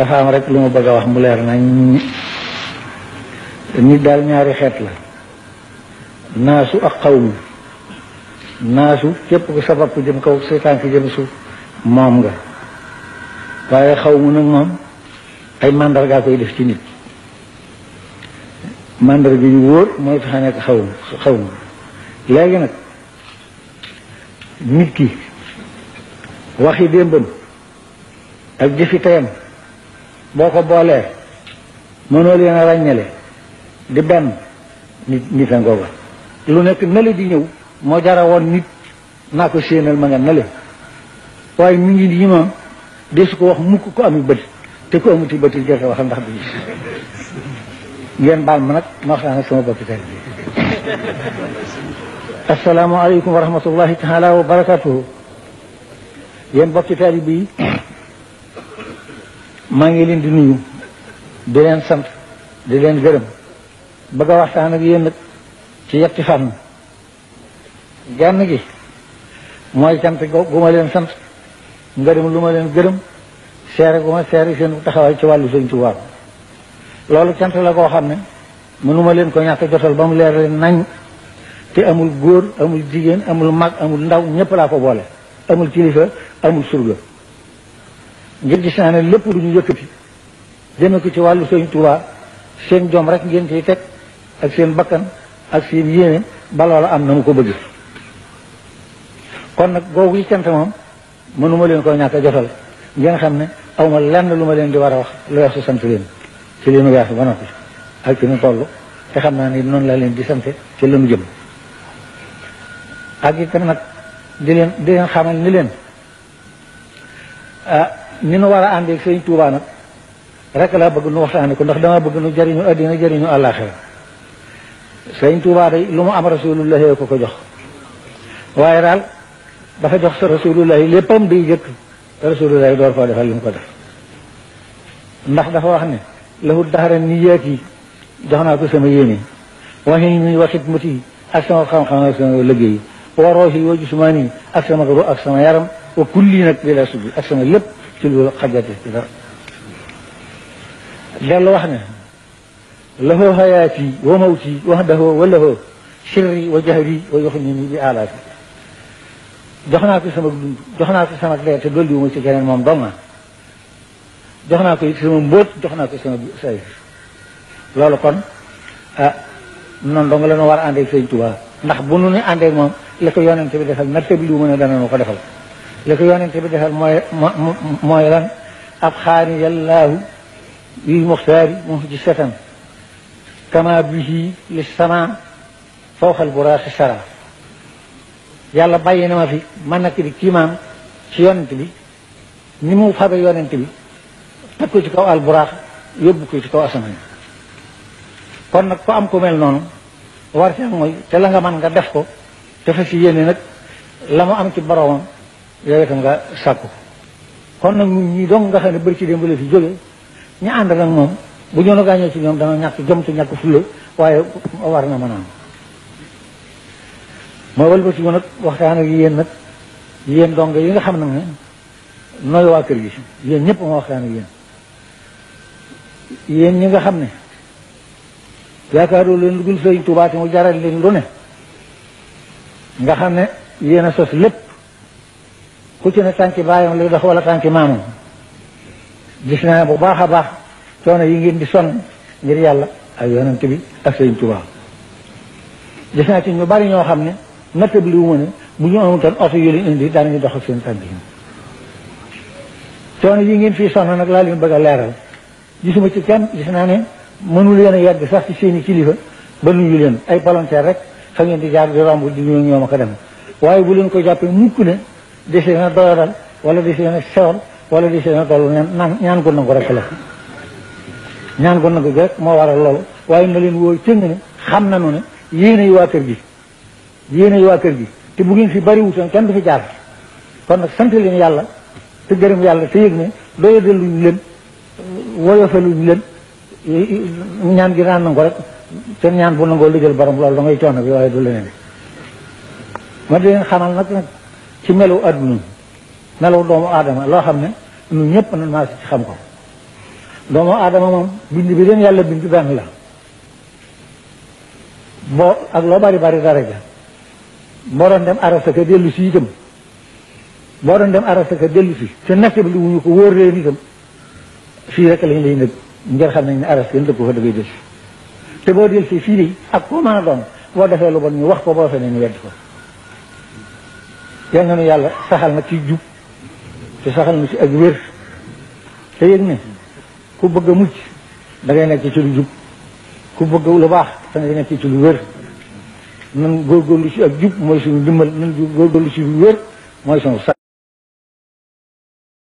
dafa am rek lu ma bëgg a wax mu leer nañ nit daal ñaari xeet la naasu ak xawmu naasu képp ku sabab ku jëm kaw say tànk jëm suuf moom nga waaye xawmu nag moom ay màndargaa koy def ci nit màndarga yu wóor mooy tax a nekk xawmu nag nit ki waxi démbam ak jëfi tayam boo ko boolee mënoo leen a ràññale di benn nit nit a ngooga lu nekk nale di ñëw moo jara woon nit naa ko séenal ma nga nale waaye mu ngi nii moom desu ko wax mukk ko amul bët te ko amuti bët yi jot a wax ndax du gis ngeen baal ma nag ma waxtaan ak sama bopp tey asalaamaaleykum wa rahmatullahi taala wa barakatuhu yéen bokki taalibe yi maa ngi leen di nuyu di leen sant di leen gërëm bëgg a waxtaan ak yéen nag ci yetti fànn gànn gi mooy sant gu ma leen sant ngërëm lu ma leen gërëm seere gu ma seere seen taxawaay ci wàllu sëñ Tuubaa loolu cant la koo xam ne mënuma leen ko ñàkk jotal ba mu leer leen nañ te amul góor amul jigéen amul mag amul ndaw ñépp laa ko boole amul kilifa amul surga ngeen gis naa ne lépp lu ñu yëkkati jëme ko ci wàllu sëñ Tuubaa seen jom rek ngeen ciy teg ak seen bakkan ak seen yéene ba loola am na mu ko bëgg kon nag googu yi cant moom mënuma leen koo ñàkk a jotal ngeen xam ne awma lenn lu ma leen di war a wax lu wax su sant leen ci li nu weesu ba ak ci toll te xam naa ne noonu laa leen di sant ci lu nu jëm nag di leen di leen xamal ni leen ah, ni nu war a àndee sëñ Tuubaa nag rek laa bëgg nu waxtaane ko ndax dama bëgg nu jëriñu addina jëriñu àllaaxira sëñ Tuubaa day lu mu am rasulullahi ko ko jox waaye daal dafa jox sa rasulullahi léppam day jëkk rasulullahi door koo defal li mu ko def ndax dafa wax ne lahu daxara ni yéeg jox naa ko sama yéene waxi wa waxit muti ak sama xam-xam ak sama liggéey wa roohi wa jusmaani ak sama ak sama yaram wa kulli nag bi la subi ak sama lépp ci lu xajati ci dara dellu wax ne lahoo hayaati wa mawti waxdahoo wa lahoo sirri wa jahri wa yuxnini bi alaati jox naa ko sama dund jox naa ko sama te dolli ma ci keneen moom dong jox naa ko it sama mbóot jox naa ko sama say loolu kon ah noonu la ñu war a àndee ak Sëñ Tuubaa ndax bu nu ne àndee ak moom li ko yonente bi defal natt lu mën a dana nu ko defal li ko yonent bi defal mooy mooy lan ab xaani yallaahu yuy muxtaari mu ci setan kama bihi li sama fawxal buraaxi sara yàlla bàyyi na ma fi man nag di kiimaam ci yonent bi ni mu fabe yonent bi teg ko ci kaw al buraax yóbbu ko ci kaw asamaan kon nag ku am ku mel noonu war mooy te la nga man nga def ko te fas yéene nag la mu am ci boroomam yooyu itam nga sàkku kon nag ñun ñii dong nga xam ne bëri ci démb la fi jóge ñu ànd nag moom bu ñoo a gaañoo ci ñoom dana ñàkk jom te ñàkk fulla waaye war na mën a am ma wëlbati ko nag waxtaan yi yéen nag yéen dong yi nga xam nag ne nooy waa kër gi yéen ñëpp ma waxtaan ñi nga xam ne yaakaaroo leen lu dul sëriñ Tuubaa mu jaral leen lu ne nga xam ne yéen a sos lépp ku ci ne tànki baayam lay dox wala tànki maamam gis naa bu baax a baax coono yi ngeen di son ngir yàlla ay yonent bi ak sëñ Tuubaa gis naa ci ñu bari ñoo xam ne nattab li wu ne bu ñu amutoon oto yu leen indi daanañu dox ak seen tànk yi coono yi ngeen fii sonn nag laa leen bëgg a leeral gisuma ci kenn gis naa ne mënul leen yàgg yegg sax ci seeni kilifa ba ñu leen ay volontaire rek fa ngeen di jaar di romb di ñëw ñoom a dem waaye bu leen ko jàppee di si na doyadal wala di si na sewal wala di si na doll ñaan gu nangu rek la ñaan gu nangu gi moo waral loolu waaye na leen wóor cëng ne xam nañu ne yéen ay waa kër gi yéen ay waa kër gi te bu si fi bari wutoon kenn du fi jaar kon nag sant leen yàlla te gërëm yàlla te yëg ne doyadaluñu leen woyofaluñu leen ñaan gi naan nangu rek te ñaan bu nangoo liggéeyal borom loolu da ngay coono bi waaye du leneen ma di leen xamal nag ci melaw adduna melaw doomu aadama loo xam ne ñun ñëpp na maas ci xam ko doomu aadama moom bind bi leen yàlla bind benn la boo ak loo bari bari daraja boo doon dem arasta ka dellu si itam boo doon dem arasta dellu si te natt bi lu wuñu ko wóor leen itam fii rek lañ lay nëb ngir xam nañ ne arasta yéen dëkk ko fa dangay dellu si te boo dellu si fii de ak koo mën a doon boo defee lu bon ñu wax ko boo feneen ñu wedd ko yal na nu yàlla saxal na ci jub te saxal na ci ak wér te yëg ne ku bëgg a mucc da ngay nekk ci lu jub ku bëgg lu baax da ngay nekk ci lu wér nan lu ci ak jub mooy suñu dimbal nan góorgóorlu ci lu wér mooy suñu sax